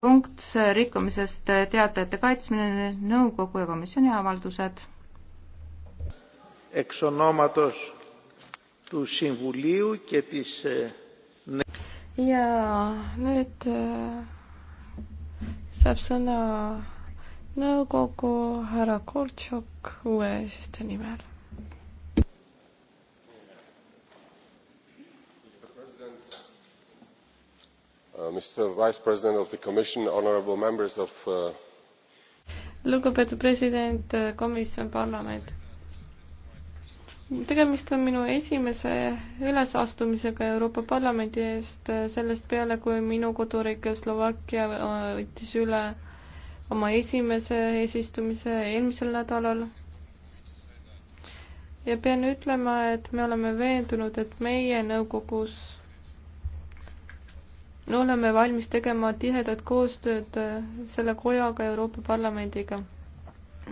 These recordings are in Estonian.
punkt rikkumisest teatajate kaitsmine, nõukogu ja komisjoni avaldused. Eh, ja nüüd eh, saab sõna nõukogu härra Koltšok uue eesistuja nimel Uh, Mr Vice President of the Commission, honorable members of uh... lugupeetud president, uh, komisjon, parlament. tegemist on minu esimese ülesastumisega Euroopa Parlamendi eest uh, sellest peale, kui minu koduriik Slovakkia võttis üle oma esimese eesistumise eelmisel nädalal. ja pean ütlema, et me oleme veendunud, et meie nõukogus me oleme valmis tegema tihedat koostööd äh, selle kojaga, Euroopa Parlamendiga.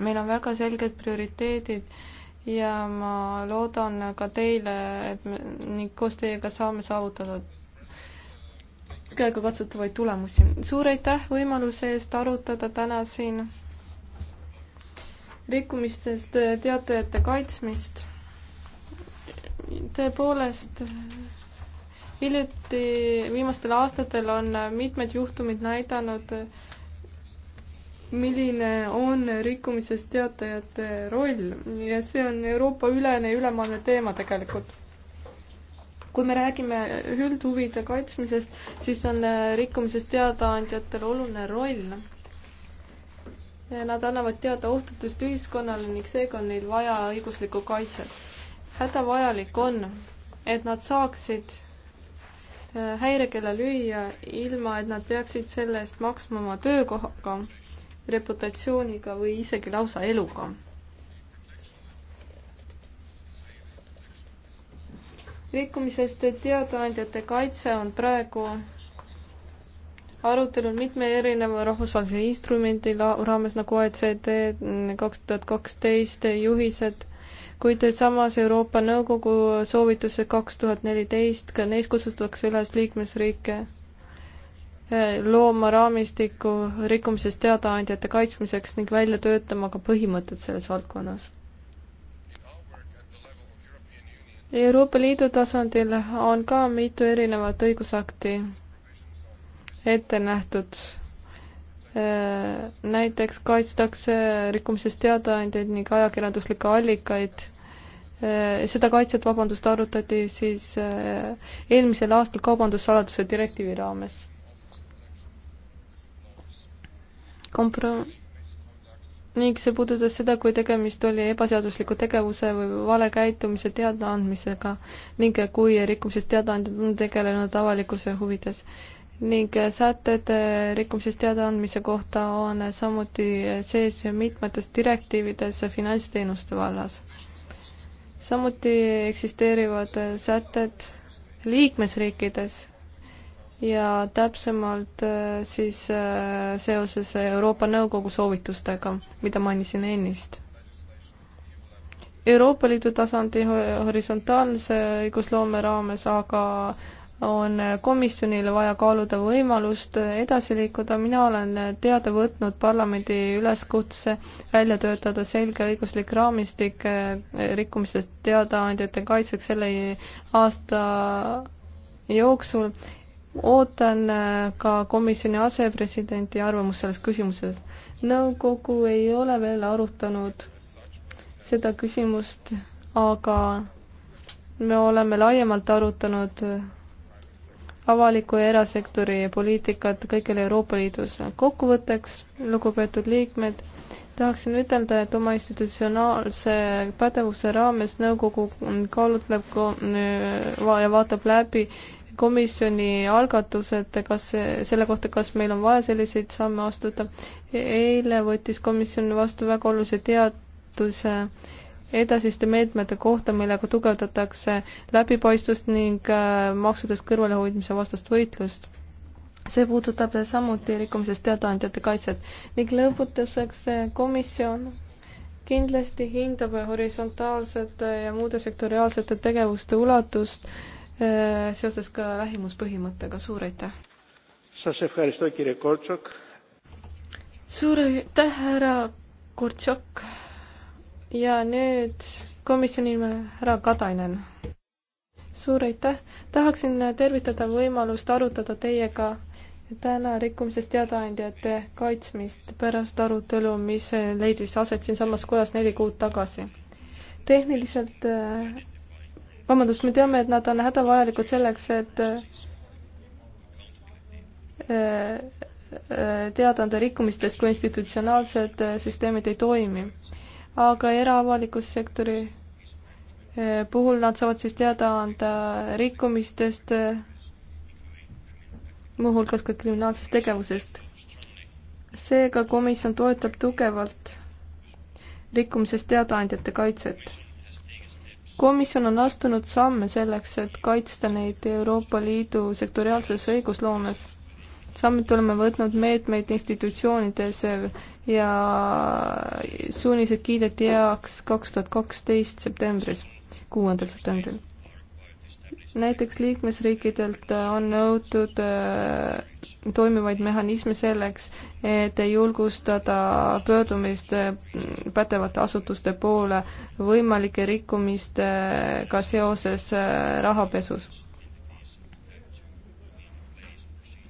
meil on väga selged prioriteedid ja ma loodan ka teile, et me ning koos teiega saame saavutada käegakatsutavaid tulemusi. suur aitäh võimaluse eest arutada täna siin rikkumistest teatajate kaitsmist. tõepoolest hiljuti, viimastel aastatel on mitmed juhtumid näidanud, milline on rikkumisest teatajate roll ja see on Euroopa ülene ja ülemaailmne teema tegelikult. kui me räägime üldhuvide kaitsmisest, siis on rikkumisest teadaandjatel oluline roll. Nad annavad teada ohtudest ühiskonnale ning seega on neil vaja õiguslikku kaitset. hädavajalik on, et nad saaksid häirekella lüüa, ilma et nad peaksid selle eest maksma oma töökohaga, reputatsiooniga või isegi lausa eluga. rikkumisest teadaandjate kaitse on praegu arutelul mitme erineva rahvusvahelise instrumendi raames nagu OECD kaks tuhat kaksteist juhised kuid samas Euroopa Nõukogu soovitused kaks tuhat neliteist, ka neis kutsutakse üles liikmesriike eh, looma raamistiku rikkumisest teadaandjate kaitsmiseks ning välja töötama ka põhimõtted selles valdkonnas. Euroopa Liidu tasandil on ka mitu erinevat õigusakti ette nähtud näiteks kaitstakse rikkumisest teadaandjaid ning ajakirjanduslikke allikaid. seda kaitset, vabandust, arutati siis äh, eelmisel aastal kaubandussaladuse direktiivi raames. kompro-, ning see puudutas seda, kui tegemist oli ebaseadusliku tegevuse või vale käitumise teadaandmisega ning kui rikkumisest teadaandjad on tegelenud avalikkuse huvides ning sätted rikkumisest teadaandmise kohta on samuti sees mitmetes direktiivides finantsteenuste vallas. samuti eksisteerivad sätted liikmesriikides ja täpsemalt äh, siis äh, seoses Euroopa Nõukogu soovitustega, mida mainisin ennist. Euroopa Liidu tasandi horisontaalse õigusloome raames aga on komisjonil vaja kaaluda võimalust edasi liikuda, mina olen teada võtnud parlamendi üleskutse välja töötada selge õiguslik raamistik rikkumistest teadaandjate kaitseks selle aasta jooksul. ootan ka komisjoni asepresidenti arvamust selles küsimuses. nõukogu ei ole veel arutanud seda küsimust, aga me oleme laiemalt arutanud avaliku ja erasektori poliitikat kõikjal Euroopa Liidus. kokkuvõtteks, lugupeetud liikmed, tahaksin ütelda, et oma institutsionaalse pädevuse raames nõukogu kaalutleb äh, ja vaatab läbi komisjoni algatused, kas selle kohta, kas meil on vaja selliseid samme astuda. E-, eile võttis komisjon vastu väga olulise teaduse edasiste meetmete kohta, millega tugevdatakse läbipaistvust ning äh, maksudest kõrvalehoidmise vastast võitlust. see puudutab samuti rikkumisest teadaandjate kaitset ning lõputuseks äh, komisjon kindlasti hindab horisontaalsete äh, ja muude sektoriaalsete tegevuste ulatust seoses ka lähimuspõhimõttega, suur aitäh! suur aitäh, härra Kurtšok! ja nüüd komisjoni nimel härra Katainen. suur aitäh, tahaksin tervitada võimalust arutada teiega täna rikkumisest teadaandjate kaitsmist pärast arutelu, mis leidis aset siinsamas kojas neli kuud tagasi. tehniliselt, vabandust, me teame, et nad on hädavajalikud selleks, et eh, eh, teadaande rikkumistest, kui institutsionaalsed eh, süsteemid ei toimi aga eraavaliku sektori eh, puhul nad saavad siis teada anda rikkumistest, eh, muuhulgas ka kriminaalsest tegevusest. seega komisjon toetab tugevalt rikkumisest teadaandjate kaitset. komisjon on astunud samme selleks, et kaitsta neid Euroopa Liidu sektoriaalses õigusloomes samuti oleme võtnud meetmeid institutsioonides ja suunised kiideti heaks kaks tuhat kaksteist septembris, kuuendal septembril. näiteks liikmesriikidelt on nõutud äh, toimivaid mehhanisme selleks, et julgustada pöördumist äh, pädevate asutuste poole võimalike rikkumistega seoses äh, rahapesus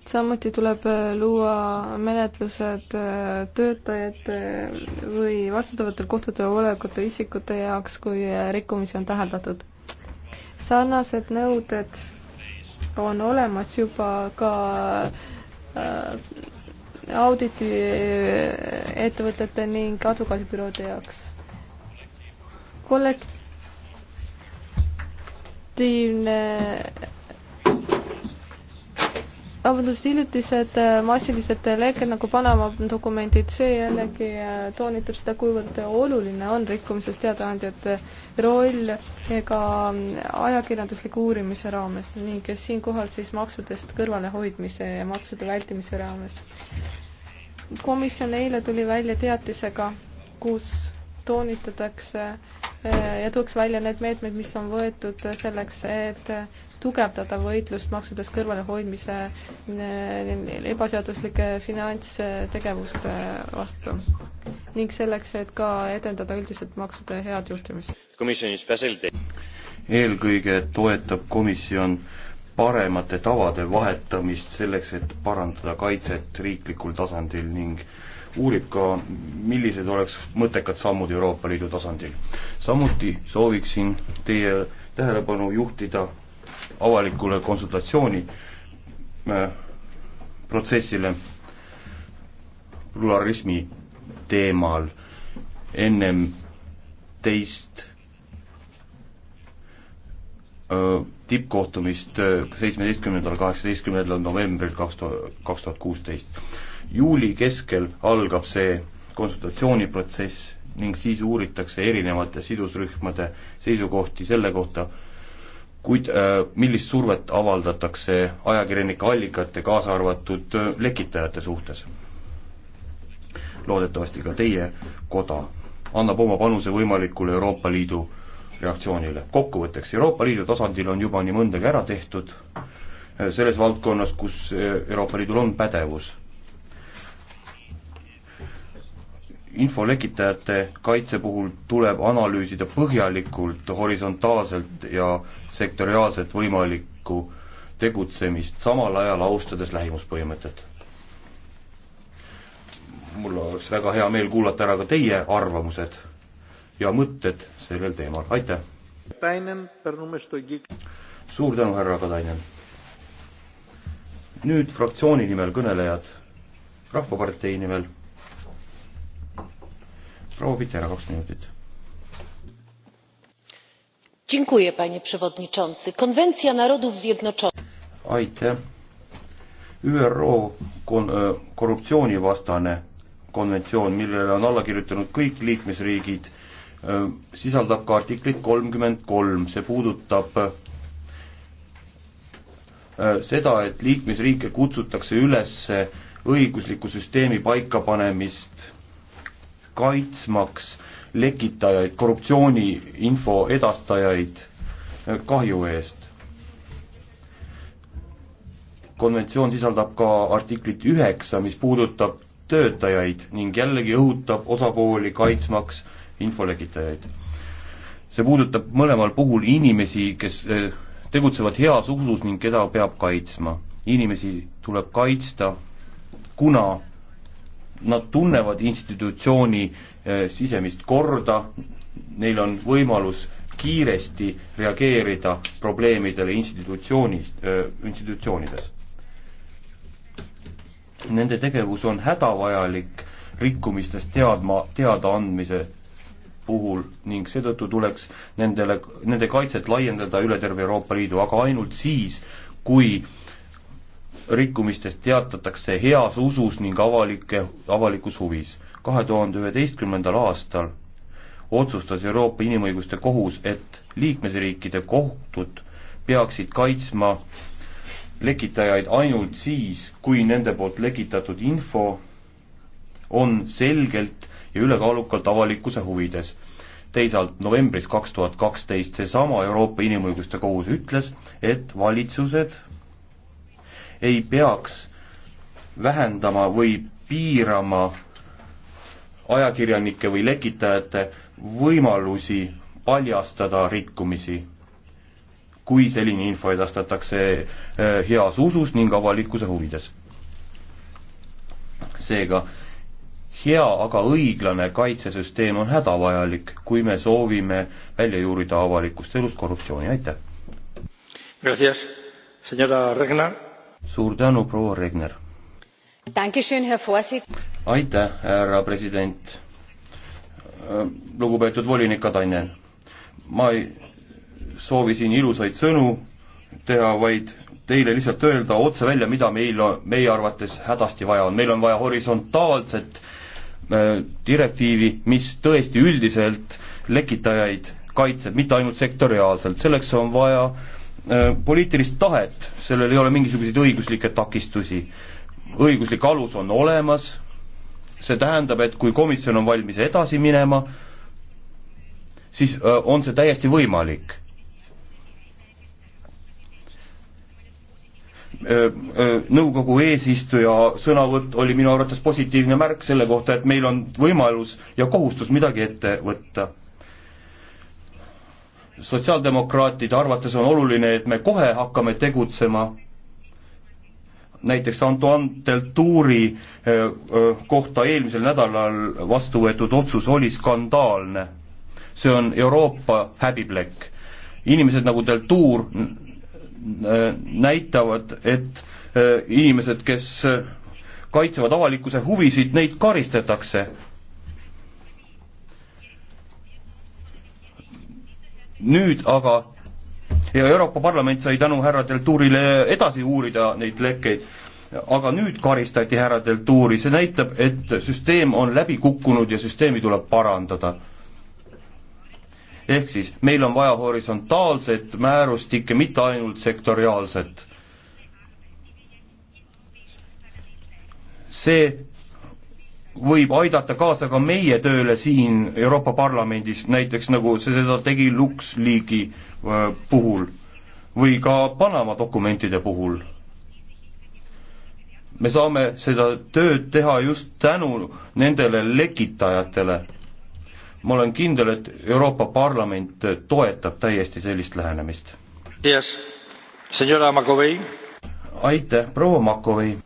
samuti tuleb äh, luua menetlused äh, töötajate või vastutavatel kohtadel olevate isikute jaoks, kui äh, rikkumisi on täheldatud. sarnased nõuded on olemas juba ka auditi ettevõtete ning advokaadibüroode jaoks. kollektiivne vabandust, hiljutised äh, massilised lekked nagu Panama dokumendid, see jällegi äh, toonitab seda, kuivõrd oluline on rikkumises teadaandjate roll ka mm, ajakirjandusliku uurimise raames ning siinkohal siis maksudest kõrvalehoidmise ja maksude vältimise raames. komisjon eile tuli välja teatisega, kus toonitatakse äh, ja tuuakse välja need meetmed, mis on võetud selleks, et tugevdada võitlust maksudest kõrvalehoidmise ebaseaduslike finantstegevuste vastu ning selleks, et ka edendada üldiselt maksude head juhtimist. eelkõige toetab komisjon paremate tavade vahetamist selleks, et parandada kaitset riiklikul tasandil ning uurib ka, millised oleks mõttekad sammud Euroopa Liidu tasandil. samuti sooviksin teie tähelepanu juhtida avalikule konsultatsiooni äh, protsessile pluralismi teemal ennem teist äh, tippkohtumist äh, seitsmeteistkümnendal, kaheksateistkümnendal novembril kaks tuhat, kaks tuhat kuusteist. juuli keskel algab see konsultatsiooniprotsess ning siis uuritakse erinevate sidusrühmade seisukohti selle kohta, kuid äh, millist survet avaldatakse ajakirjanike allikate, kaasa arvatud äh, lekitajate suhtes? loodetavasti ka teie koda annab oma panuse võimalikule Euroopa Liidu reaktsioonile. kokkuvõtteks, Euroopa Liidu tasandil on juba nii mõndagi ära tehtud äh, selles valdkonnas, kus Euroopa Liidul on pädevus info lekitajate kaitse puhul tuleb analüüsida põhjalikult, horisontaalselt ja sektoriaalselt võimalikku tegutsemist, samal ajal austades lähimuspõhimõtet. mul oleks väga hea meel kuulata ära ka teie arvamused ja mõtted sellel teemal, aitäh! suur tänu, härra Katainen! nüüd fraktsiooni nimel kõnelejad, Rahvapartei nimel proua Pitera, kaks minutit. Dziękuję, panie przewodniczący. Konwencja Narodów Zjednoczonych. aitäh. ÜRO kon-, äh, korruptsioonivastane konventsioon, millele on alla kirjutanud kõik liikmesriigid, äh, sisaldab ka artiklit kolmkümmend kolm, see puudutab äh, seda, et liikmesriike kutsutakse üles õigusliku süsteemi paikapanemist kaitsmaks lekitajaid, korruptsiooniinfo edastajaid eh, kahju eest. konventsioon sisaldab ka artiklit üheksa, mis puudutab töötajaid ning jällegi õhutab osapooli kaitsmaks infolekitajaid. see puudutab mõlemal puhul inimesi, kes eh, tegutsevad heas usus ning keda peab kaitsma. inimesi tuleb kaitsta, kuna nad tunnevad institutsiooni eh, sisemist korda, neil on võimalus kiiresti reageerida probleemidele institutsioonis, eh, institutsioonides. Nende tegevus on hädavajalik rikkumistest teadma, teadaandmise puhul ning seetõttu tuleks nendele, nende kaitset laiendada üle terve Euroopa Liidu, aga ainult siis, kui rikkumistest teatatakse heas usus ning avalike, avalikus huvis. kahe tuhande üheteistkümnendal aastal otsustas Euroopa Inimõiguste Kohus, et liikmesriikide kohtud peaksid kaitsma lekitajaid ainult siis, kui nende poolt lekitatud info on selgelt ja ülekaalukalt avalikkuse huvides. teisalt novembris kaks tuhat kaksteist seesama Euroopa Inimõiguste Kohus ütles, et valitsused ei peaks vähendama või piirama ajakirjanike või lekitajate võimalusi paljastada rikkumisi, kui selline info edastatakse äh, heas usus ning avalikkuse huvides. seega hea, aga õiglane kaitsesüsteem on hädavajalik, kui me soovime välja juurida avalikust elust korruptsiooni, aitäh! suur tänu, proua Regner! aitäh, härra president! Äh, lugupeetud volinik Katainen, ma ei soovi siin ilusaid sõnu teha, vaid teile lihtsalt öelda otse välja, mida meil, meie arvates hädasti vaja on, meil on vaja horisontaalset äh, direktiivi, mis tõesti üldiselt lekitajaid kaitseb, mitte ainult sektoriaalselt, selleks on vaja äh, Äh, poliitilist tahet, sellel ei ole mingisuguseid õiguslikke takistusi. õiguslik alus on olemas, see tähendab, et kui komisjon on valmis edasi minema, siis äh, on see täiesti võimalik äh, nõukogu eesistuja sõnavõtt oli minu arvates positiivne märk selle kohta, et meil on võimalus ja kohustus midagi ette võtta sotsiaaldemokraatide arvates on oluline, et me kohe hakkame tegutsema, näiteks Antoine Deltouri eh, eh, kohta eelmisel nädalal vastu võetud otsus oli skandaalne. see on Euroopa häbiplekk. inimesed nagu Deltour näitavad, et eh, inimesed, kes kaitsevad avalikkuse huvisid, neid karistatakse nüüd aga ja Euroopa Parlament sai tänu härra Deltuurile edasi uurida neid lekkeid, aga nüüd karistati härra Deltuuri, see näitab, et süsteem on läbi kukkunud ja süsteemi tuleb parandada. ehk siis meil on vaja horisontaalset määrustikke, mitte ainult sektoriaalset. see võib aidata kaasa ka meie tööle siin Euroopa Parlamendis, näiteks nagu seda tegi LuxLeaki äh, puhul või ka Panama dokumentide puhul. me saame seda tööd teha just tänu nendele lekitajatele. ma olen kindel, et Euroopa Parlament toetab täiesti sellist lähenemist. aitäh, proua Makovei!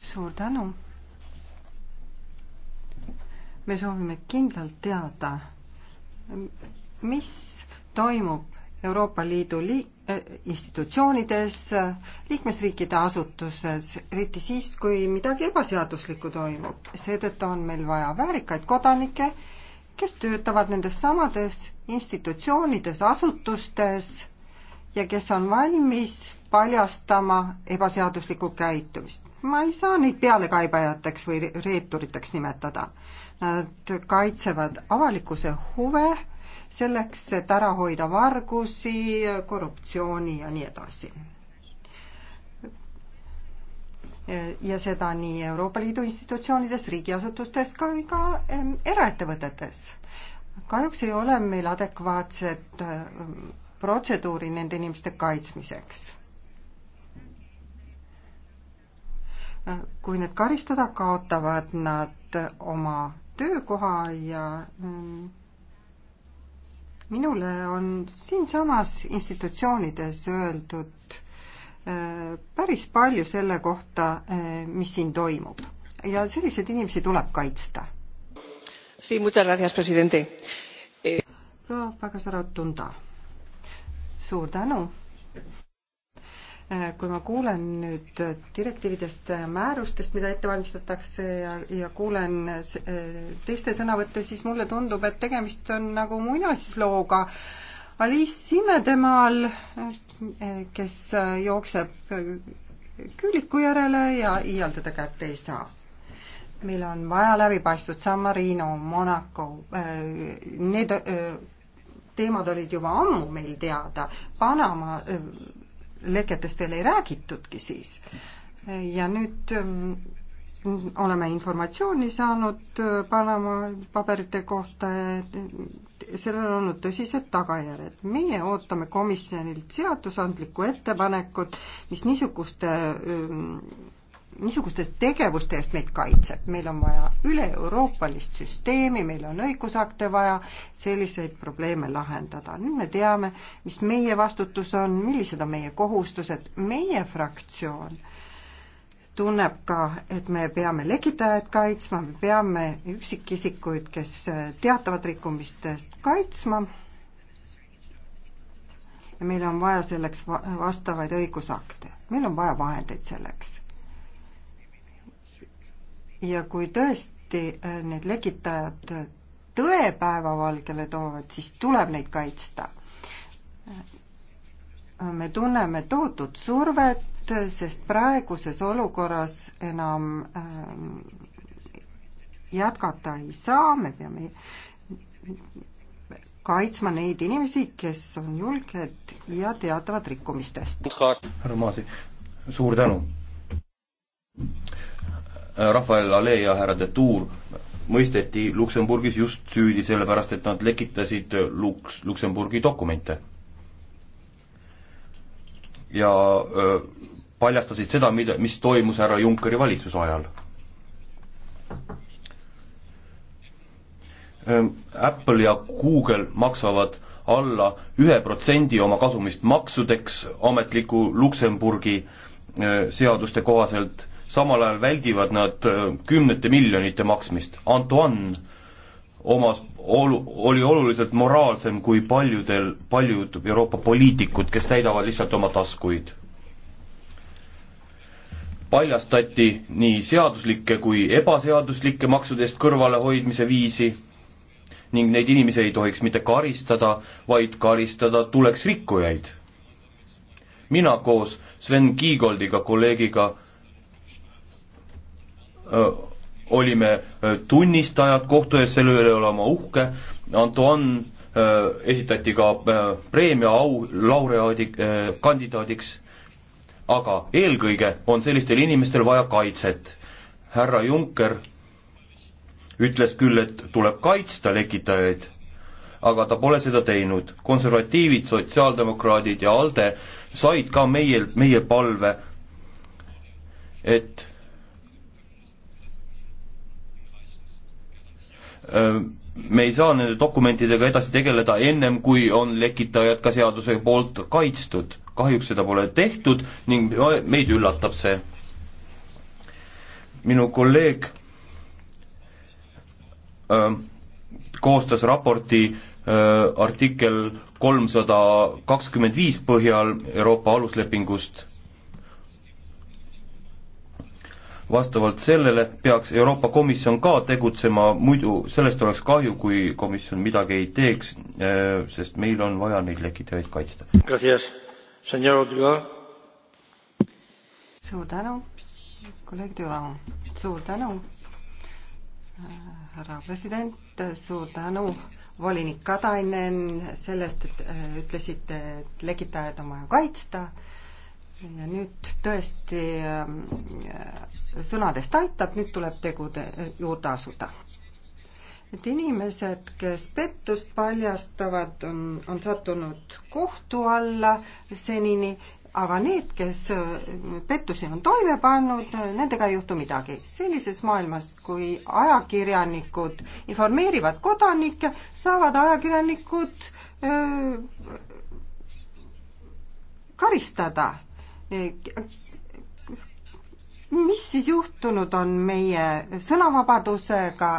suur tänu. me soovime kindlalt teada, mis toimub Euroopa Liidu liik-, eh, institutsioonides, liikmesriikide asutuses, eriti siis, kui midagi ebaseaduslikku toimub. seetõttu on meil vaja väärikaid kodanikke, kes töötavad nendes samades institutsioonides, asutustes ja kes on valmis paljastama ebaseaduslikku käitumist. ma ei saa neid pealekaebajateks või reeturiteks nimetada. Nad kaitsevad avalikkuse huve selleks, et ära hoida vargusi, korruptsiooni ja nii edasi. ja seda nii Euroopa Liidu institutsioonides, riigiasutustes kui ka eraettevõtetes. kahjuks ei ole meil adekvaatset protseduuri nende inimeste kaitsmiseks. kui need karistada, kaotavad nad oma töökoha ja mm, minule on siinsamas institutsioonides öeldud e, päris palju selle kohta, e, mis siin toimub ja selliseid inimesi tuleb kaitsta. proua Pagasarov Tunda suur tänu! Äh, kui ma kuulen nüüd direktiividest, määrustest, mida ette valmistatakse ja, ja kuulen äh, teiste sõnavõtte, siis mulle tundub, et tegemist on nagu muinasislooga. Alice Simmedemaal, äh, kes jookseb küüliku järele ja iialdada kätt ei saa. meil on vaja läbipaistvat San Marino, Monaco, need teemad olid juba ammu meil teada. Panama leketest veel ei räägitudki siis. ja nüüd oleme informatsiooni saanud Panama paberite kohta ja sellel on olnud tõsised tagajärjed. meie ootame komisjonilt seadusandlikku ettepanekut, mis niisuguste niisugustest tegevustest meid kaitseb, meil on vaja üle-euroopalist süsteemi, meil on õigusakte vaja selliseid probleeme lahendada. nüüd me teame, mis meie vastutus on, millised on meie kohustused, meie fraktsioon tunneb ka, et me peame lekitajaid kaitsma, me peame üksikisikuid, kes teatavad rikkumistest kaitsma ja meil on vaja selleks vastavaid õigusakte, meil on vaja vahendeid selleks ja kui tõesti äh, need lekitajad äh, tõe päevavalgele toovad, siis tuleb neid kaitsta. Äh, me tunneme tohutut survet, sest praeguses olukorras enam jätkata ei saa, me peame kaitsma neid inimesi, kes on julged ja teatavad rikkumistest. härra Maasi, suur tänu! Äh, Rafael Alee ja härra de Tour mõisteti Luksemburgis just süüdi, sellepärast et nad lekitasid Luks-, äh, Luksemburgi dokumente. ja öö, äh, paljastasid seda, mida, mis toimus härra Junckeri valitsuse ajal. Ähm, Apple ja Google maksavad alla ühe protsendi oma kasumist maksudeks ametliku Luksemburgi öö, seaduste kohaselt samal ajal väldivad nad äh, kümnete miljonite maksmist. Antoine omas olu-, oli oluliselt moraalsem kui paljudel, paljud Euroopa poliitikud, kes täidavad lihtsalt oma taskuid. paljastati nii seaduslikke kui ebaseaduslikke maksudest kõrvalehoidmise viisi ning neid inimesi ei tohiks mitte karistada, vaid karistada tuleks rikkujaid. mina koos Sven Kiigoldiga, kolleegiga, Äh, olime äh, tunnistajad kohtu ees, selle üle olema uhke, Antoine äh, esitati ka preemia au laureaadi, kandidaadiks, aga eelkõige on sellistel inimestel vaja kaitset. härra Juncker ütles küll, et tuleb kaitsta lekitajaid, aga ta pole seda teinud. konservatiivid, sotsiaaldemokraadid ja ALDE said ka meilt, meie palve, et me ei saa nende dokumentidega edasi tegeleda ennem, kui on lekitajad ka seaduse poolt kaitstud. kahjuks seda pole tehtud ning meid üllatab see. minu kolleeg öö, koostas raporti öö, artikkel kolmsada kakskümmend viis põhjal Euroopa aluslepingust vastavalt sellele peaks Euroopa Komisjon ka tegutsema, muidu sellest oleks kahju, kui komisjon midagi ei teeks, äh, sest meil on vaja neid lekitajaid kaitsta. suur tänu, kolleeg Düran, suur tänu, äh, härra president, suur tänu, volinik Katainen, sellest, et äh, ütlesite, et lekitajaid on vaja kaitsta ja nüüd tõesti äh, äh, sõnadest aitab, nüüd tuleb tegude äh, juurde asuda. et inimesed, kes pettust paljastavad, on, on sattunud kohtu alla senini, aga need, kes pettusi on toime pannud, nendega ei juhtu midagi. sellises maailmas, kui ajakirjanikud informeerivad kodanikke, saavad ajakirjanikud öö, karistada mis siis juhtunud on meie sõnavabadusega?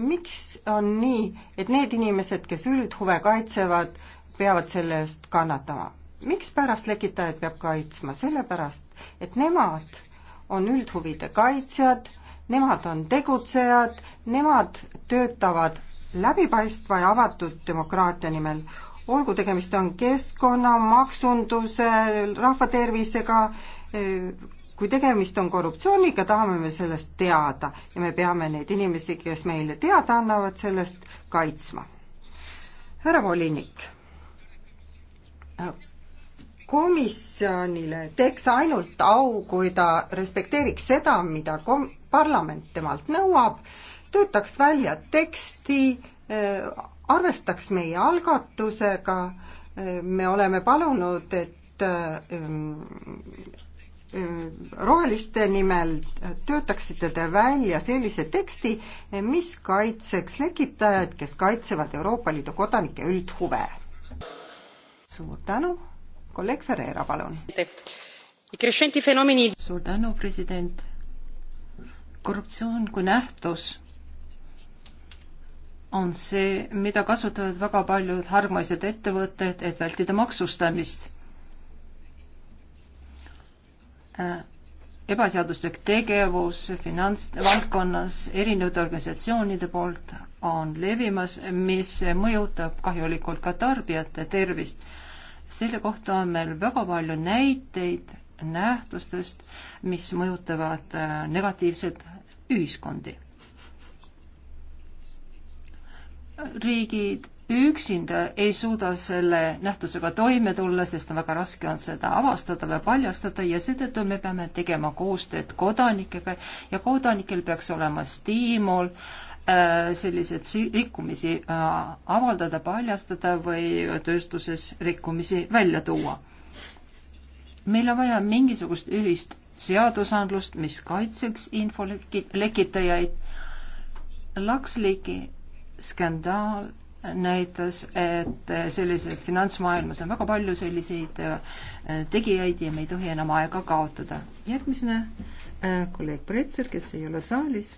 miks on nii, et need inimesed, kes üldhuve kaitsevad, peavad selle eest kannatama? mikspärast lekitajaid peab kaitsma? sellepärast, et nemad on üldhuvide kaitsjad, nemad on tegutsejad, nemad töötavad läbipaistva ja avatud demokraatia nimel olgu tegemist on keskkonna, maksunduse, rahvatervisega, kui tegemist on korruptsiooniga, tahame me sellest teada ja me peame neid inimesi, kes meile teada annavad, sellest kaitsma. härra volinik, komisjonile teeks ainult au, kui ta respekteeriks seda, mida kom-, parlament temalt nõuab, töötaks välja teksti, arvestaks meie algatusega, me oleme palunud, et ähm, ähm, roheliste nimel töötaksite te välja sellise teksti, mis kaitseks lekitajaid, kes kaitsevad Euroopa Liidu kodanike üldhuve. suur tänu, kolleeg Ferreira, palun. suur tänu, president. korruptsioon kui nähtus on see, mida kasutavad väga paljud hargmaised ettevõtted, et vältida maksustamist. Äh, ebaseaduslik tegevus finantsvaldkonnas erinevate organisatsioonide poolt on levimas, mis mõjutab kahjulikult ka tarbijate tervist. selle kohta on meil väga palju näiteid nähtustest, mis mõjutavad äh, negatiivselt ühiskondi riigid üksinda ei suuda selle nähtusega toime tulla, sest on väga raske on seda avastada või paljastada ja seetõttu me peame tegema koostööd kodanikega ja kodanikel peaks olema stiimul äh, selliseid rikkumisi äh, avaldada, paljastada või tööstuses rikkumisi välja tuua. meil on vaja mingisugust ühist seadusandlust, mis kaitseks infolekitajaid. Laksliki skandaal näitas, et selliseid finantsmaailmas on väga palju selliseid äh, tegijaid ja me ei tohi enam aega kaotada. järgmisena äh, kolleeg Pretzel, kes ei ole saalis.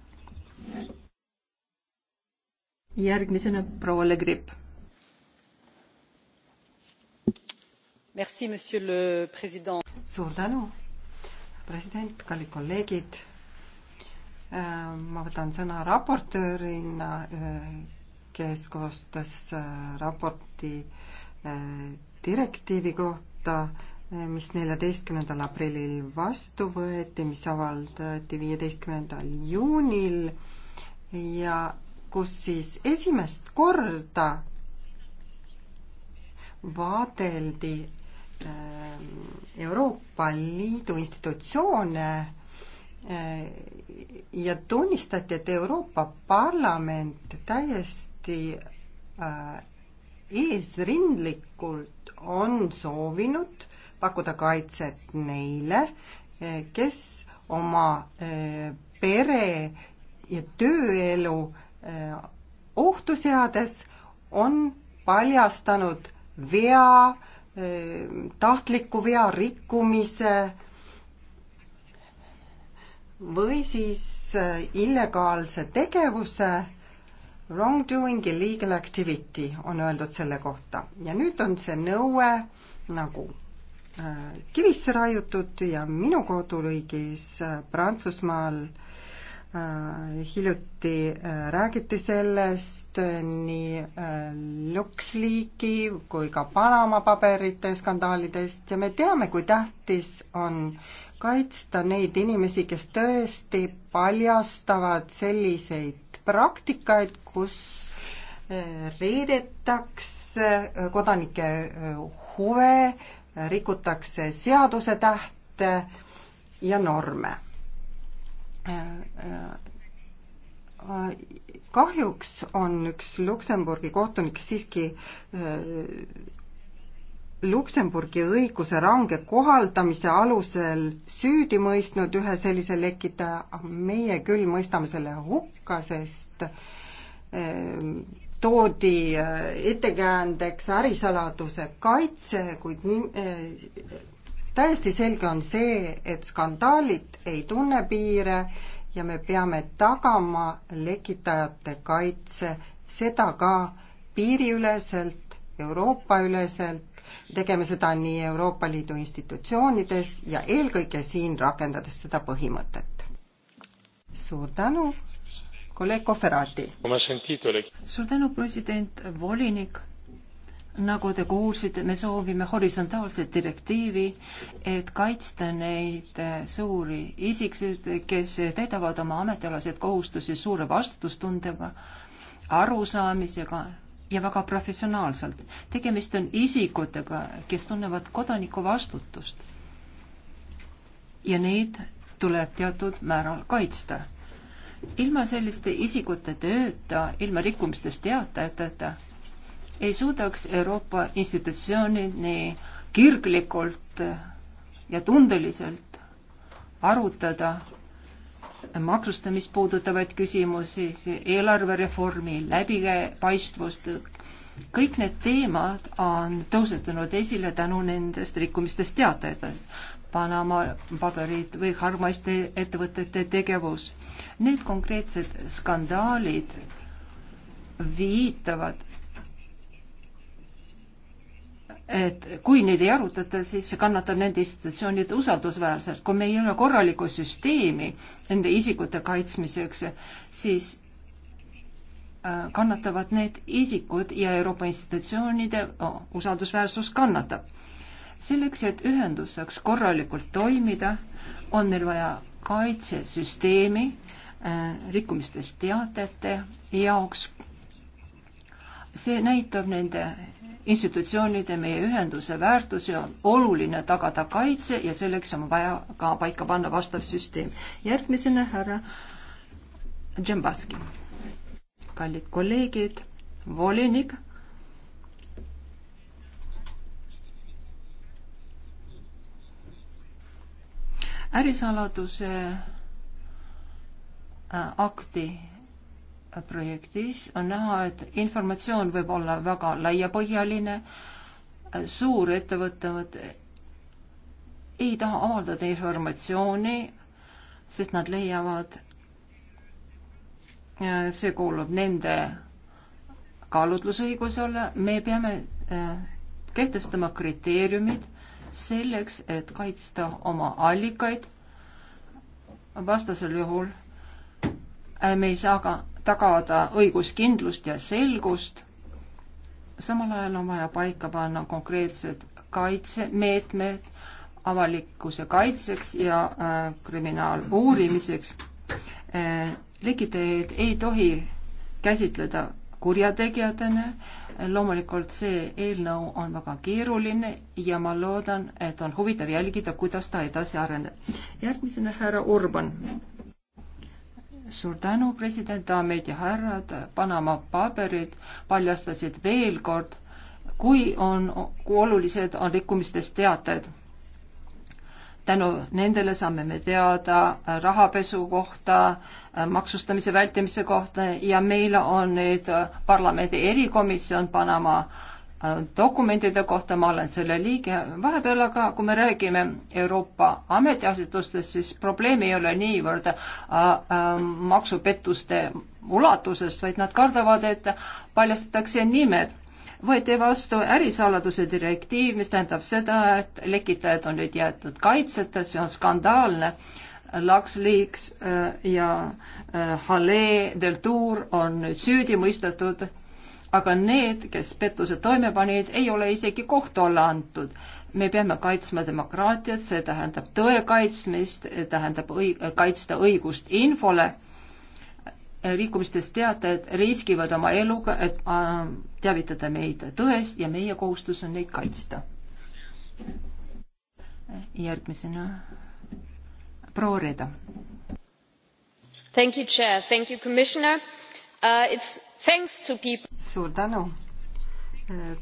järgmisena proua Le Grip. suur tänu, president, kallid kolleegid äh, ma võtan sõna raportöörina kes koostas äh, raporti äh, direktiivi kohta, äh, mis neljateistkümnendal aprillil vastu võeti, mis avaldati viieteistkümnendal juunil ja kus siis esimest korda vaadeldi Euroopa Liidu institutsioone ja tunnistati, et Euroopa Parlament täiesti täiesti äh, eesrindlikult on soovinud pakkuda kaitset neile, äh, kes oma äh, pere ja tööelu ohtu seades on paljastanud vea, tahtliku vea rikkumise või siis illegaalse tegevuse Wrongdoing illegal activity on öeldud selle kohta ja nüüd on see nõue nagu äh, kivisse raiutud ja minu koduriigis äh, Prantsusmaal äh, hiljuti räägiti sellest nii LuxLeaki kui ka Panama paberite skandaalidest ja me teame, kui tähtis on kaitsta neid inimesi, kes tõesti paljastavad selliseid praktikaid, kus eh, reedetakse eh, kodanike eh, huve, rikutakse seaduse tähte ja norme. kahjuks on üks Luksemburgi kohtunik siiski Luksemburgi õiguse range kohaldamise alusel süüdi mõistnud ühe sellise lekitaja, ah, meie küll mõistame selle hukka, sest ehm, toodi eh, ettekäändeks ärisaladuse kaitse, kuid nii, eh, täiesti selge on see, et skandaalid ei tunne piire ja me peame tagama lekitajate kaitse, seda ka piiriüleselt, Euroopa-üleselt tegema seda nii Euroopa Liidu institutsioonides ja eelkõige siin rakendades seda põhimõtet. suur tänu, kolleeg Kohverati. suur tänu, president, volinik nagu te kuulsite, me soovime horisontaalset direktiivi, et kaitsta neid eh, suuri isiksuid, kes täidavad oma ametialaseid kohustusi suure vastutustundega, arusaamisega ja väga professionaalselt. tegemist on isikutega, kes tunnevad kodaniku vastutust. ja neid tuleb teatud määral kaitsta. ilma selliste isikute tööta, ilma rikkumistest teatajateta ei suudaks Euroopa institutsioonid nii kirglikult ja tundeliselt arutada maksustamist puudutavaid küsimusi, eelarvereformi läbipaistvust, kõik need teemad on tõusetunud esile tänu nendest rikkumistest teatajatest. Panama paberid või harmaiste ettevõtete tegevus. Need konkreetsed skandaalid viitavad et kui neid ei arutata, siis kannatab nende institutsioonide usaldusväärselt. kui meil ei ole korralikku süsteemi nende isikute kaitsmiseks, siis äh, kannatavad need isikud ja Euroopa institutsioonide usaldusväärsus kannatab. selleks, et ühendus saaks korralikult toimida, on meil vaja kaitsesüsteemi äh, rikkumistest teatete jaoks. see näitab nende institutsioonide, meie ühenduse väärtusi, on oluline tagada kaitse ja selleks on vaja ka paika panna vastav süsteem. järgmisena härra Džembaski. kallid kolleegid, volinik. ärisaladuse äh, akti projektis on näha, et informatsioon võib olla väga laiapõhjaline, suurettevõtted ei taha avaldada informatsiooni, sest nad leiavad, see kuulub nende kaalutlusõigusele, me peame kehtestama kriteeriumid selleks, et kaitsta oma allikaid, vastasel juhul äh, me ei saa ka tagada õiguskindlust ja selgust. samal ajal on vaja paika panna konkreetsed kaitsemeetmed avalikkuse kaitseks ja äh, kriminaaluurimiseks äh,. ligiteed ei tohi käsitleda kurjategijatena. loomulikult see eelnõu on väga keeruline ja ma loodan, et on huvitav jälgida, kuidas ta edasi areneb. järgmisena härra Urban suur tänu, president, daamid ja härrad, Panama paberid paljastasid veel kord, kui on, kui olulised on rikkumistest teated. tänu nendele saame me teada rahapesu kohta, maksustamise vältimise kohta ja meil on nüüd parlamendi erikomisjon Panama äh, Äh, dokumentide kohta ma olen selle liige. vahepeal aga, kui me räägime Euroopa ametiasutustest, siis probleem ei ole niivõrd äh, äh, maksupettuste ulatusest, vaid nad kardavad, et paljastatakse nimed. võeti vastu ärisaladuse direktiiv, mis tähendab seda, et lekitajad on nüüd jäetud kaitseta, see on skandaalne. LuxLeaks äh, ja äh, Halle Deltour on nüüd süüdi mõistetud aga need, kes pettuse toime panid, ei ole isegi kohtu alla antud. me peame kaitsma demokraatiat, see tähendab tõe kaitsmist, tähendab õig-, kaitsta õigust infole, rikkumistest teatajad riskivad oma eluga, et äh, teavitada meid tõest ja meie kohustus on neid kaitsta. järgmisena proua Reeda. Thank you, chair, thank you, commissioner uh,. It's suur tänu!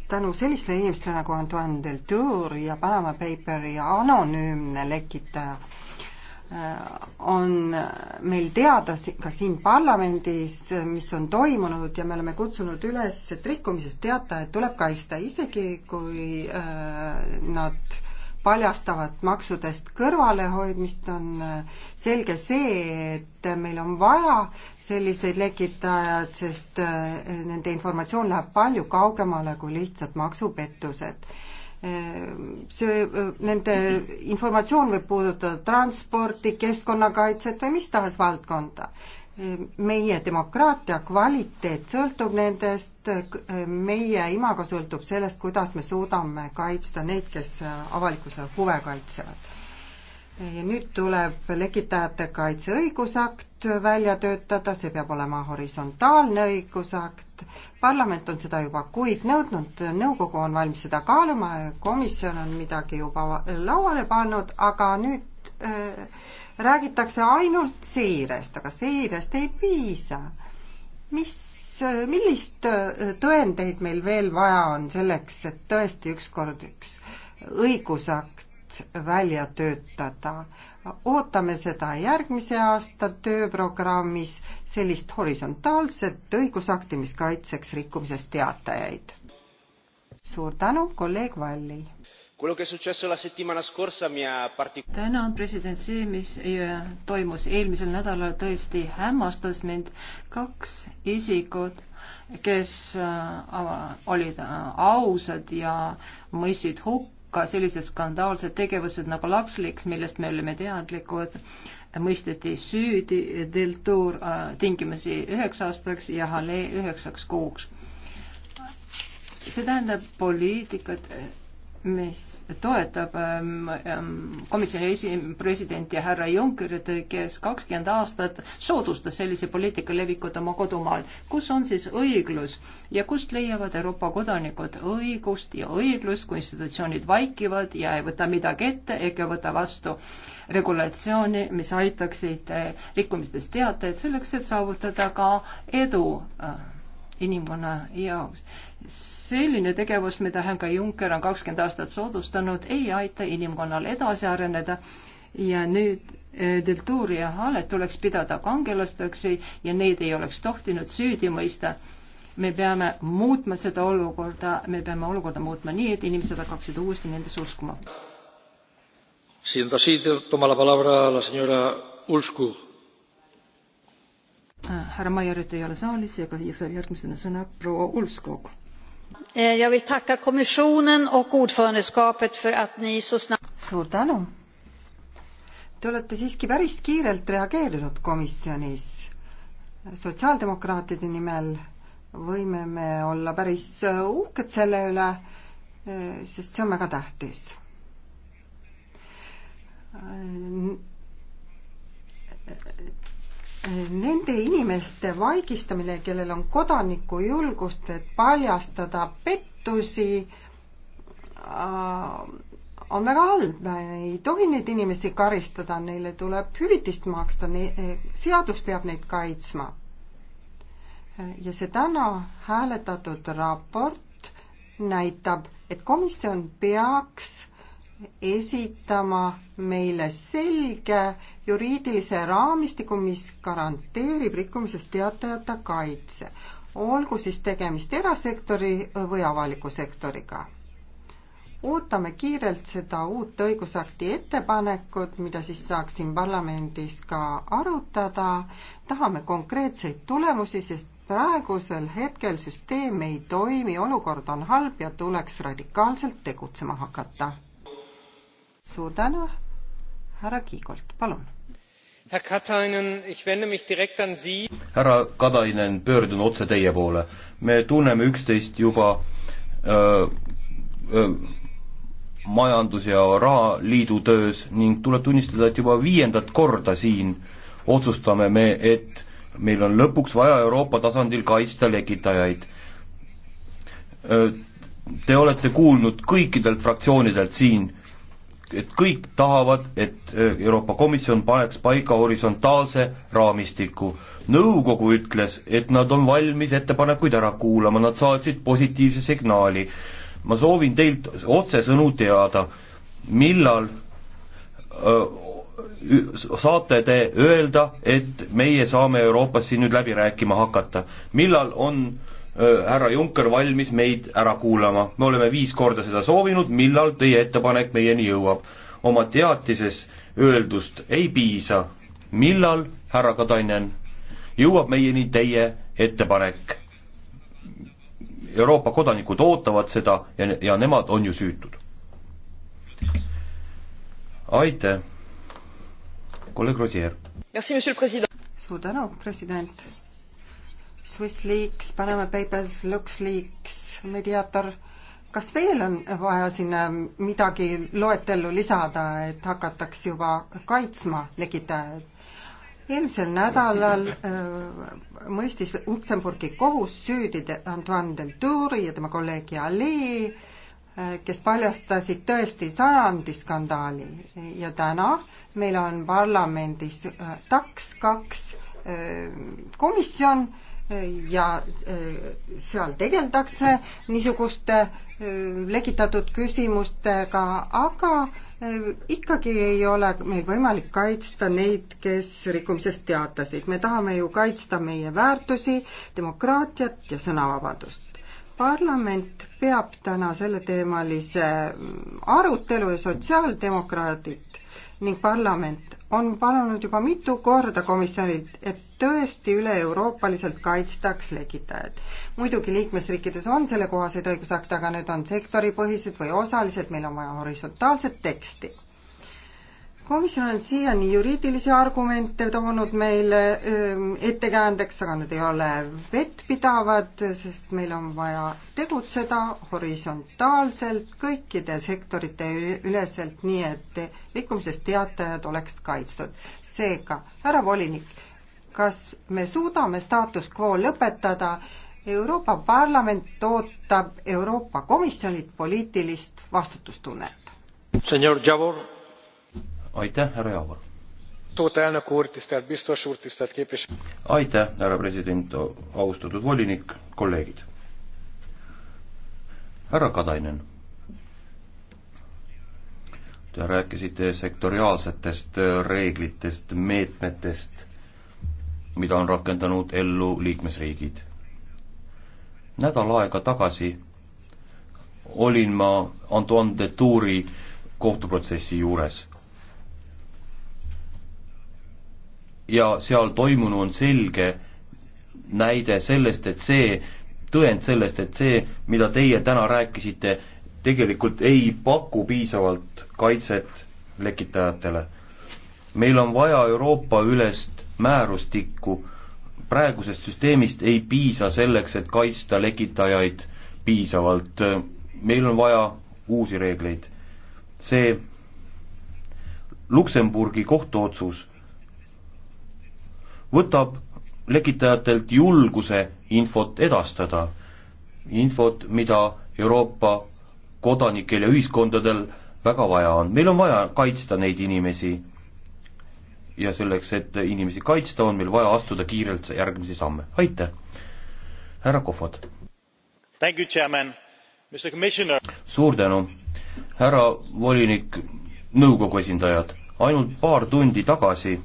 tänu sellistele inimestele nagu Antoine Deltour ja Panama Paperi anonüümne lekitaja äh, on meil teada ka siin parlamendis, mis on toimunud ja me oleme kutsunud üles, et rikkumisest teatajaid tuleb kaitsta, isegi kui äh, nad paljastavat maksudest kõrvalehoidmist, on äh, selge see, et meil on vaja selliseid lekitajad, sest äh, nende informatsioon läheb palju kaugemale kui lihtsalt maksupettused. Äh, see, nende informatsioon võib puudutada transporti, keskkonnakaitset või mis tahes valdkonda meie demokraatia kvaliteet sõltub nendest, meie imago sõltub sellest, kuidas me suudame kaitsta neid, kes avalikkuse huve kaitsevad. ja nüüd tuleb lekitajate kaitseõigusakt välja töötada, see peab olema horisontaalne õigusakt, parlament on seda juba kuid nõudnud, nõukogu on valmis seda kaaluma, komisjon on midagi juba lauale pannud, aga nüüd äh, räägitakse ainult seirest, aga seirest ei piisa. mis, millist äh, tõendeid meil veel vaja on selleks, et tõesti ükskord üks õigusakt välja töötada. ootame seda järgmise aasta tööprogrammis, sellist horisontaalset õigusakti, mis kaitseks rikkumisest teatajaid. suur tänu, kolleeg Valli! tänan, president, see, mis äh, toimus eelmisel nädalal, tõesti hämmastas mind. kaks isikut, kes äh, olid äh, ausad ja mõistsid hukka sellised skandaalsed tegevused nagu Luxleaks, millest me olime teadlikud, mõisteti süüdi Del Tour tingimusi üheks aastaks ja Halle üheksaks kuuks. see tähendab poliitikat mis toetab ähm, ähm, komisjoni esi-, presidenti härra Junckerit, kes kakskümmend aastat soodustas sellise poliitika levikut oma kodumaal. kus on siis õiglus ja kust leiavad Euroopa kodanikud õigust ja õiglust, kui institutsioonid vaikivad ja ei võta midagi ette ega võta vastu regulatsiooni, mis aitaksid äh, rikkumistest teateid selleks, et saavutada ka edu äh, inimkonna jaoks. selline tegevus, mida Henka Juncker on kakskümmend aastat soodustanud, ei aita inimkonnal edasi areneda ja nüüd eh, Deltuuri ja Halet tuleks pidada kangelasteks ja neid ei oleks tohtinud süüdi mõista. me peame muutma seda olukorda, me peame olukorda muutma nii, et inimesed hakkaksid uuesti nendesse uskuma. Siendo así, toma la palabra la señora Ulskog Äh, härra Maierit ei ole saalis, seega saab järgmisena sõna proua Ulfskog. Eh, jag vill tacka kommissionen och ordförandeskapet för att ni så snabbt suur tänu. Te olete siiski päris kiirelt reageerinud komisjonis. sotsiaaldemokraatide nimel võime me olla päris äh, uhked selle üle, äh, sest see on väga tähtis nende inimeste vaigistamine, kellel on kodanikujulgust, et paljastada pettusi, äh, on väga halb, me ei tohi neid inimesi karistada, neile tuleb hüvitist maksta, eh, seadus peab neid kaitsma. ja see täna hääletatud raport näitab, et komisjon peaks esitama meile selge juriidilise raamistiku, mis garanteerib rikkumisest teatajate kaitse, olgu siis tegemist erasektori või avaliku sektoriga. ootame kiirelt seda uut õigusakti ettepanekut, mida siis saaks siin parlamendis ka arutada, tahame konkreetseid tulemusi, sest praegusel hetkel süsteem ei toimi, olukord on halb ja tuleks radikaalselt tegutsema hakata suur tänu, härra Kiigolt, palun. härra Katainen, pöördun otse teie poole. me tunneme üksteist juba öö, öö, majandus- ja rahaliidu töös ning tuleb tunnistada, et juba viiendat korda siin otsustame me, et meil on lõpuks vaja Euroopa tasandil kaitsta lekitajaid. Te olete kuulnud kõikidelt fraktsioonidelt siin et kõik tahavad, et äh, Euroopa Komisjon paneks paika horisontaalse raamistiku. nõukogu ütles, et nad on valmis ettepanekuid ära kuulama, nad saatsid positiivse signaali. ma soovin teilt otsesõnu teada, millal äh, saate te öelda, et meie saame Euroopas siin nüüd läbi rääkima hakata, millal on härra Juncker valmis meid ära kuulama. me oleme viis korda seda soovinud, millal teie ettepanek meieni jõuab? oma teatises öeldust ei piisa. millal, härra Katainen, jõuab meieni teie ettepanek? Euroopa kodanikud ootavad seda ja, ja nemad on ju süütud. aitäh, kolleeg Rosier. suur tänu, president Swiss Leaks, Panama Papers, Lux Leaks, mediaator, kas veel on vaja sinna midagi loetellu lisada, et hakataks juba kaitsma legitajaid? eelmisel nädalal äh, mõistis Luksemburgi kohus süüdi Antoine Deltouri ja tema kolleegi Ali äh, kes paljastasid tõesti sajandi skandaali ja täna meil on parlamendis äh, taks kaks äh, komisjon, ja äh, seal tegeldakse niisuguste äh, lekitatud küsimustega, aga äh, ikkagi ei ole meil võimalik kaitsta neid, kes rikkumisest teatasid. me tahame ju kaitsta meie väärtusi, demokraatiat ja sõnavabadust. parlament peab täna selleteemalise mm, arutelu ja sotsiaaldemokraadid ning parlament on palunud juba mitu korda komisjonilt, et tõesti üle-euroopaliselt kaitstaks lekitajaid. muidugi liikmesriikides on sellekohaseid õigusakte, aga need on sektoripõhised või osalised, meil on vaja horisontaalset teksti komisjon on siiani juriidilisi argumente toonud meile ettekäändeks, aga need ei ole vettpidavad, sest meil on vaja tegutseda horisontaalselt, kõikide sektorite üleselt, nii et rikkumisest teatajad oleks kaitstud. seega, härra volinik, kas me suudame staatus quo lõpetada? Euroopa Parlament ootab Euroopa Komisjonilt poliitilist vastutustunnet. senor Javor aitäh, härra Javor! aitäh, härra president, austatud volinik, kolleegid! härra Katainen, te rääkisite sektoriaalsetest reeglitest, meetmetest, mida on rakendanud ellu liikmesriigid. nädal aega tagasi olin ma Antoine de Touri kohtuprotsessi juures ja seal toimunu on selge näide sellest, et see, tõend sellest, et see, mida teie täna rääkisite, tegelikult ei paku piisavalt kaitset lekitajatele. meil on vaja Euroopa-ülest määrustikku, praegusest süsteemist ei piisa selleks, et kaitsta lekitajaid piisavalt, meil on vaja uusi reegleid. see Luksemburgi kohtuotsus võtab lekitajatelt julguse infot edastada, infot, mida Euroopa kodanikel ja ühiskondadel väga vaja on, meil on vaja kaitsta neid inimesi. ja selleks, et inimesi kaitsta, on meil vaja astuda kiirelt järgmisi samme, aitäh. härra Kohvat. suur tänu, härra volinik, nõukogu esindajad, ainult paar tundi tagasi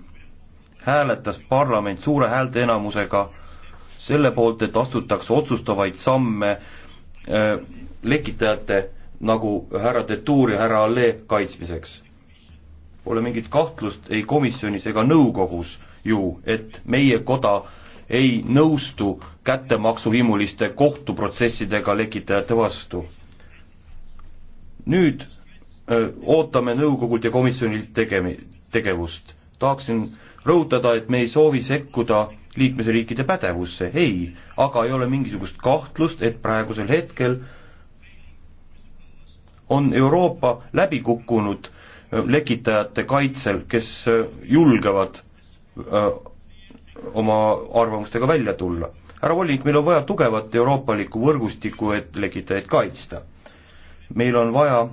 hääletas parlament suure häälteenamusega selle poolt, et astutakse otsustavaid samme äh, lekitajate nagu härra Detour ja härra Allee kaitsmiseks. Pole mingit kahtlust ei komisjonis ega nõukogus ju, et meie koda ei nõustu kättemaksuhimuliste kohtuprotsessidega lekitajate vastu. nüüd öö, äh, ootame nõukogult ja komisjonilt tegemi-, tegevust. tahaksin rõhutada, et me ei soovi sekkuda liikmesriikide pädevusse, ei, aga ei ole mingisugust kahtlust, et praegusel hetkel on Euroopa läbi kukkunud äh, lekitajate kaitsel, kes äh, julgevad öö, äh, oma arvamustega välja tulla. härra volinik, meil on vaja tugevat euroopalikku võrgustikku, et lekitajaid kaitsta. meil on vaja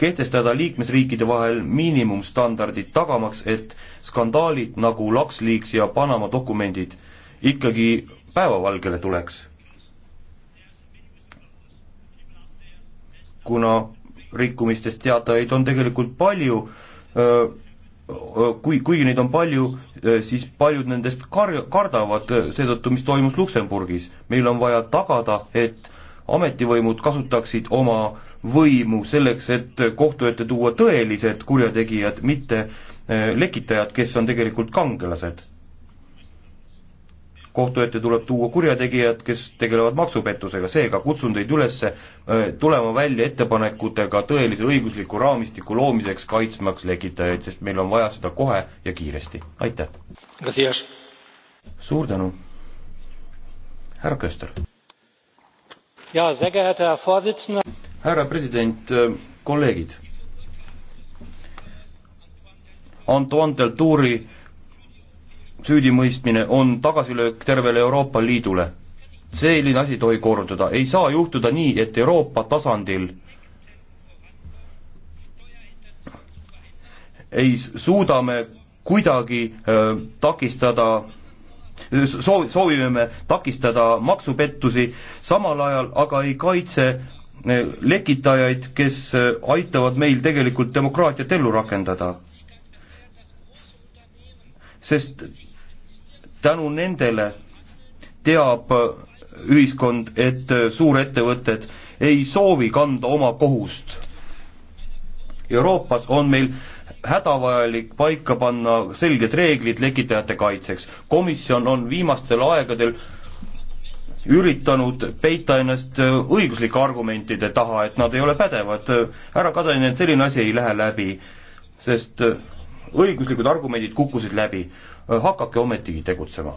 kehtestada liikmesriikide vahel miinimumstandardid, tagamaks, et skandaalid nagu LuxLeaks ja Panama dokumendid ikkagi päevavalgele tuleks. kuna rikkumistest teatajaid on tegelikult palju, kui, kuigi neid on palju, siis paljud nendest kar-, kardavad seetõttu, mis toimus Luksemburgis. meil on vaja tagada, et ametivõimud kasutaksid oma võimu selleks, et kohtu ette tuua tõelised kurjategijad, mitte eh, lekitajad, kes on tegelikult kangelased. kohtu ette tuleb tuua kurjategijad, kes tegelevad maksupettusega, seega kutsun teid üles eh, tulema välja ettepanekutega tõelise õigusliku raamistiku loomiseks, kaitsmaks lekitajaid, sest meil on vaja seda kohe ja kiiresti, aitäh! suur tänu! härra Köster! herr präsident! härra president, äh, kolleegid. Antoine Deltouri süüdimõistmine on tagasilöök tervele Euroopa Liidule. selline asi ei tohi korduda, ei saa juhtuda nii, et Euroopa tasandil ei suuda me kuidagi äh, takistada soov, soovime me takistada maksupettusi, samal ajal aga ei kaitse Eh, lekitajaid, kes eh, aitavad meil tegelikult demokraatiat ellu rakendada. sest tänu nendele teab eh, ühiskond, et suurettevõtted ei soovi kanda oma kohust. Euroopas on meil hädavajalik paika panna selged reeglid lekitajate kaitseks. komisjon on viimastel aegadel äh, üritanud peita ennast äh, õiguslike argumentide taha, et nad ei ole pädevad. härra Kadanen, selline asi ei lähe läbi, sest äh, õiguslikud argumendid kukkusid läbi. Äh, hakake ometigi tegutsema.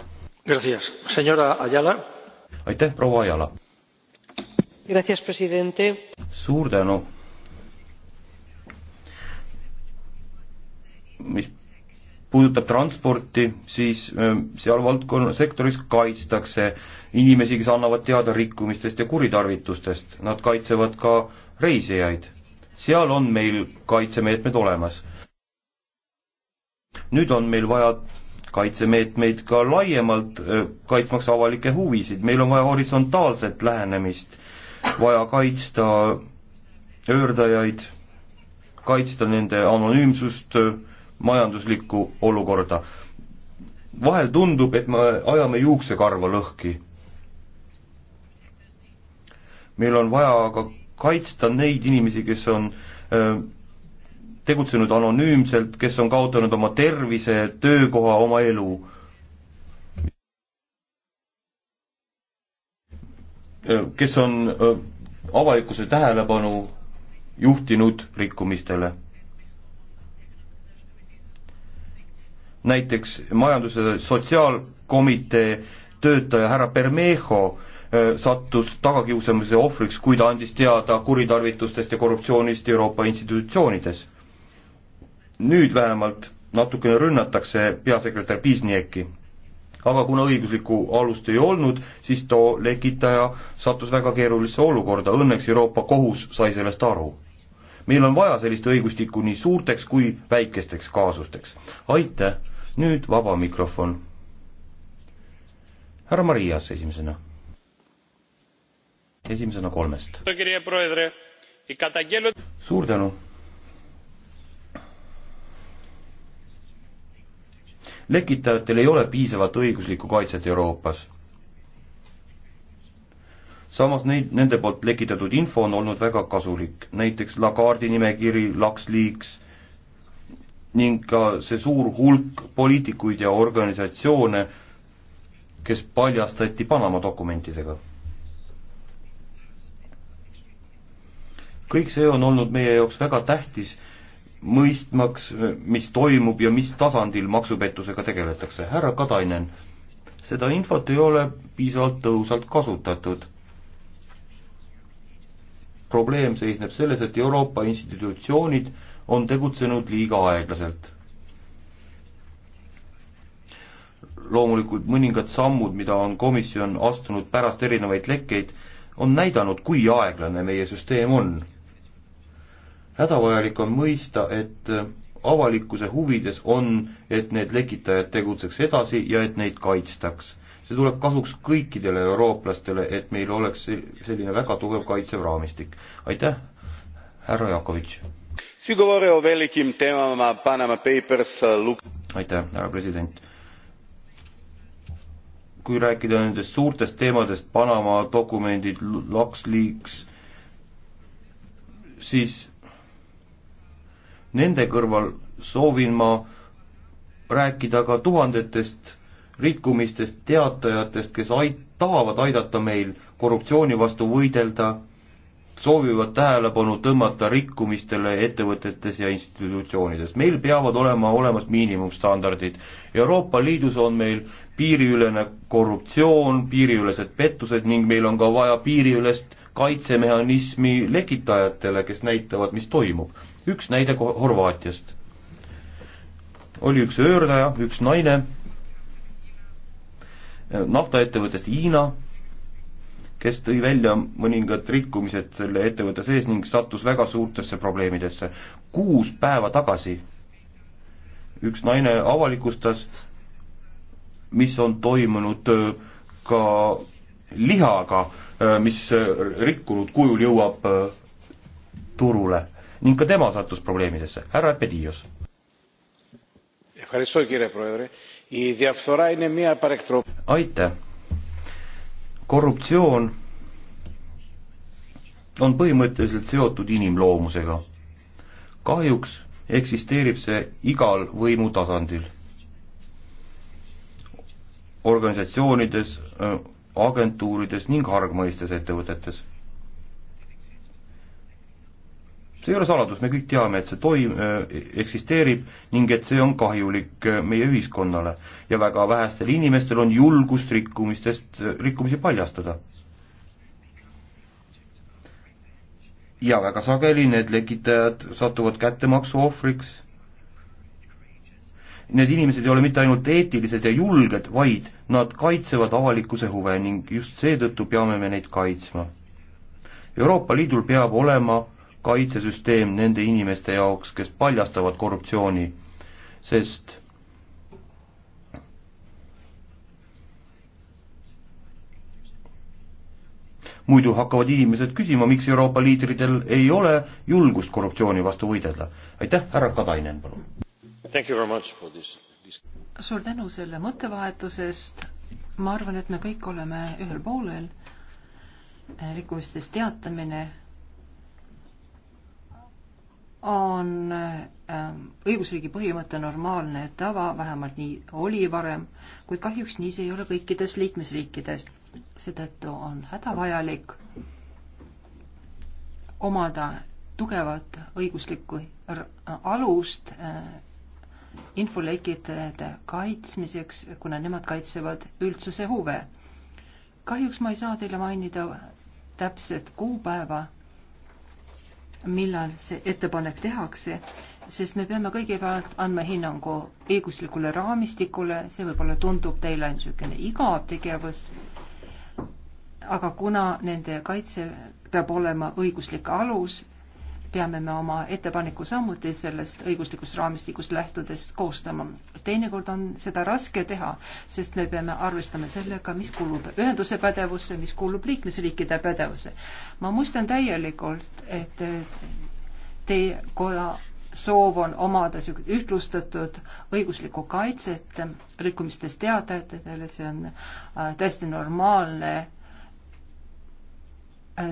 aitäh, proua Ajala. suur tänu. mis puudutab transporti, siis ähm, seal valdkonna sektoris kaitstakse inimesi, kes annavad teada rikkumistest ja kuritarvitustest, nad kaitsevad ka reisijaid. seal on meil kaitsemeetmed olemas. nüüd on meil vaja kaitsemeetmeid ka laiemalt, äh, kaitsmaks avalikke huvisid, meil on vaja horisontaalset lähenemist, vaja kaitsta pöördajaid, kaitsta nende anonüümsust, äh, majanduslikku olukorda. vahel tundub, et me ajame juuksekarva lõhki. meil on vaja aga kaitsta neid inimesi, kes on äh, tegutsenud anonüümselt, kes on kaotanud oma tervise, töökoha, oma elu äh, kes on äh, avalikkuse tähelepanu juhtinud rikkumistele. näiteks majanduse sotsiaalkomitee töötaja härra Bermejo äh, sattus tagakiusamise ohvriks, kui ta andis teada kuritarvitustest ja korruptsioonist Euroopa institutsioonides. nüüd vähemalt natukene rünnatakse peasekretär Pisnieki. aga kuna õiguslikku alust ei olnud, siis too lekitaja sattus väga keerulisse olukorda, õnneks Euroopa Kohus sai sellest aru. meil on vaja sellist õigustikku nii suurteks kui väikesteks kaasusteks. aitäh! nüüd vaba mikrofon. härra Marias esimesena. esimesena kolmest. suur tänu. lekitajatel ei ole piisavat õiguslikku kaitset Euroopas samas neid, nende poolt lekitatud info on olnud väga kasulik, näiteks Lagardi nimekiri, LuxLeaks ning ka see suur hulk poliitikuid ja organisatsioone, kes paljastati Panama dokumentidega. kõik see on olnud meie jaoks väga tähtis, mõistmaks, mis toimub ja mis tasandil maksupettusega tegeletakse. härra Katainen, seda infot ei ole piisavalt tõhusalt kasutatud probleem seisneb selles, et Euroopa institutsioonid on tegutsenud liiga aeglaselt. loomulikult mõningad sammud, mida on komisjon astunud pärast erinevaid lekkeid, on näidanud, kui aeglane meie süsteem on. hädavajalik on mõista, et avalikkuse huvides on, et need lekitajad tegutseks edasi ja et neid kaitstaks. see tuleb kasuks kõikidele eurooplastele, et meil oleks selline väga tugev kaitsev raamistik. aitäh, härra Jakovitš! svi govore o velikim temama panama papers Luk... aitäh härra president kui rääkida nendest suurtest teemadest Panama dokumendid LuxLeaks siis nende kõrval soovin ma rääkida ka tuhandetest rikkumistest teatajatest kes ait- tahavad aidata meil korruptsiooni vastu võidelda soovivad tähelepanu tõmmata rikkumistele ettevõtetes ja institutsioonides. meil peavad olema olemas miinimumstandardid. Euroopa Liidus on meil piiriülene korruptsioon, piiriülesed pettused ning meil on ka vaja piiriülest kaitsemehhanismi lekitajatele, kes näitavad, mis toimub. üks näide Horvaatiast. oli üks öördaja, üks naine naftaettevõttest Hiina kes tõi välja mõningad rikkumised selle ettevõtte sees ning sattus väga suurtesse probleemidesse. kuus päeva tagasi üks naine avalikustas, mis on toimunud äh, ka lihaga, äh, mis äh, rikkunud kujul jõuab turule ning ka tema sattus probleemidesse, härra Epedios. aitäh korruptsioon on põhimõtteliselt seotud inimloomusega. kahjuks eksisteerib see igal võimu tasandil. organisatsioonides, agentuurides ning hargmõistes ettevõtetes see ei ole saladus, me kõik teame, et see toim-, äh, eksisteerib ning et see on kahjulik äh, meie ühiskonnale ja väga vähestel inimestel on julgust rikkumistest, äh, rikkumisi paljastada. ja väga sageli need lekitajad satuvad kättemaksu ohvriks. Need inimesed ei ole mitte ainult eetilised ja julged, vaid nad kaitsevad avalikkuse huve ning just seetõttu peame me neid kaitsma. Euroopa Liidul peab olema kaitsesüsteem nende inimeste jaoks, kes paljastavad korruptsiooni, sest muidu hakkavad inimesed küsima, miks Euroopa liidritel ei ole julgust korruptsiooni vastu võidelda. aitäh, härra Katainen, palun! suur tänu selle mõttevahetuse eest, ma arvan, et me kõik oleme ühel poolel, rikkumistest teatamine on ähm, õigusriigi põhimõte normaalne tava, vähemalt nii oli varem, kuid kahjuks nii see ei ole kõikides liikmesriikides. seetõttu on hädavajalik omada tugevat õiguslikku alust äh, infolekitajate kaitsmiseks, kuna nemad kaitsevad üldsuse huve. kahjuks ma ei saa teile mainida täpset kuupäeva millal see ettepanek tehakse, sest me peame kõigepealt andma hinnangu õiguslikule raamistikule, see võib-olla tundub teile niisugune igav tegevus, aga kuna nende kaitse peab olema õiguslik alus, peame me oma ettepaneku samuti sellest õiguslikust raamistikust lähtudest koostama. teinekord on seda raske teha, sest me peame arvestama sellega, mis kulub ühenduse pädevusse, mis kuulub liikmesriikide pädevusse. ma mõistan täielikult, et teie koja soov on omada ühtlustatud õiguslikku kaitset rikkumistest teatajatele, see on äh, täiesti normaalne äh,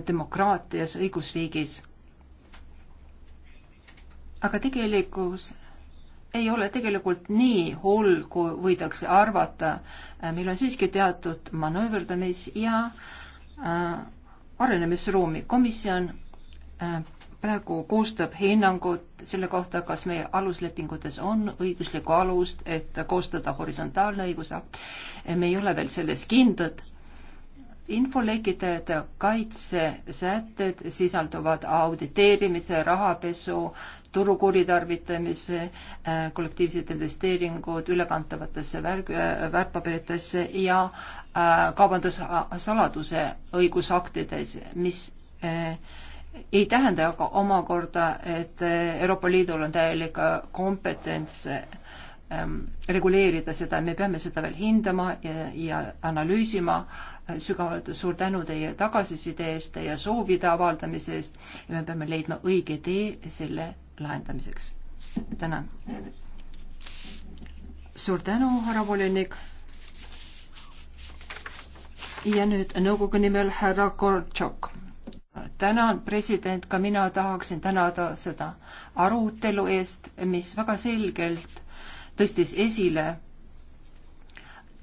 demokraatias, õigusriigis aga tegelikkus ei ole tegelikult nii hull, kui võidakse arvata. Äh, meil on siiski teatud manööverdamis- ja äh, arenemisruumi. komisjon äh, praegu koostab hinnangut selle kohta, kas meie aluslepingutes on õiguslikku alust, et koostada horisontaalne õigusakt. Äh, me ei ole veel selles kindlad infolekide kaitsesätted sisalduvad auditeerimise, rahapesu, turu kuritarvitamise, äh, kollektiivsed investeeringud ülekantavatesse äh, väärtpaberitesse ja äh, kaubandussaladuse õigusaktides, mis ei tähenda aga omakorda, et Euroopa Liidul on täielik kompetents ähm, reguleerida seda, me peame seda veel hindama ja, ja analüüsima äh, sügavalt. suur tänu teie tagasiside eest, teie soovide avaldamise eest ja me peame leidma õige tee selle lahendamiseks. tänan. suur tänu, härra volinik ja nüüd nõukogu nimel härra Gortšok. tänan, president, ka mina tahaksin tänada seda arutelu eest, mis väga selgelt tõstis esile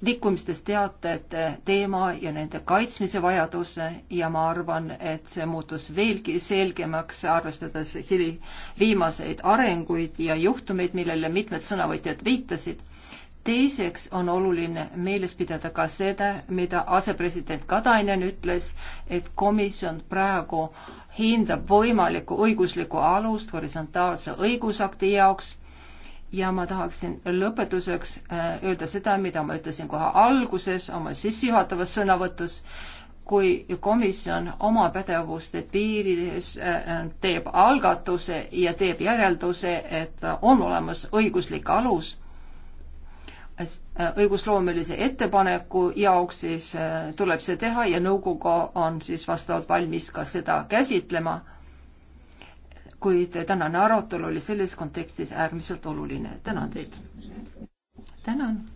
rikkumistest teatajate teema ja nende kaitsmise vajaduse ja ma arvan, et see muutus veelgi selgemaks, arvestades hili, viimaseid arenguid ja juhtumeid, millele mitmed sõnavõtjad viitasid. teiseks on oluline meeles pidada ka seda, mida asepresident Katainen ütles, et komisjon praegu hindab võimalikku õiguslikku alust horisontaalse õigusakti jaoks ja ma tahaksin lõpetuseks äh, öelda seda, mida ma ütlesin kohe alguses oma sissejuhatavas sõnavõtus, kui komisjon oma pädevuste piirides äh, teeb algatuse ja teeb järelduse, et on olemas õiguslik alus äh, õigusloomelise ettepaneku jaoks, siis tuleb see teha ja nõukogu on siis vastavalt valmis ka seda käsitlema kuid tänane arutelu oli selles kontekstis äärmiselt oluline. tänan teid. tänan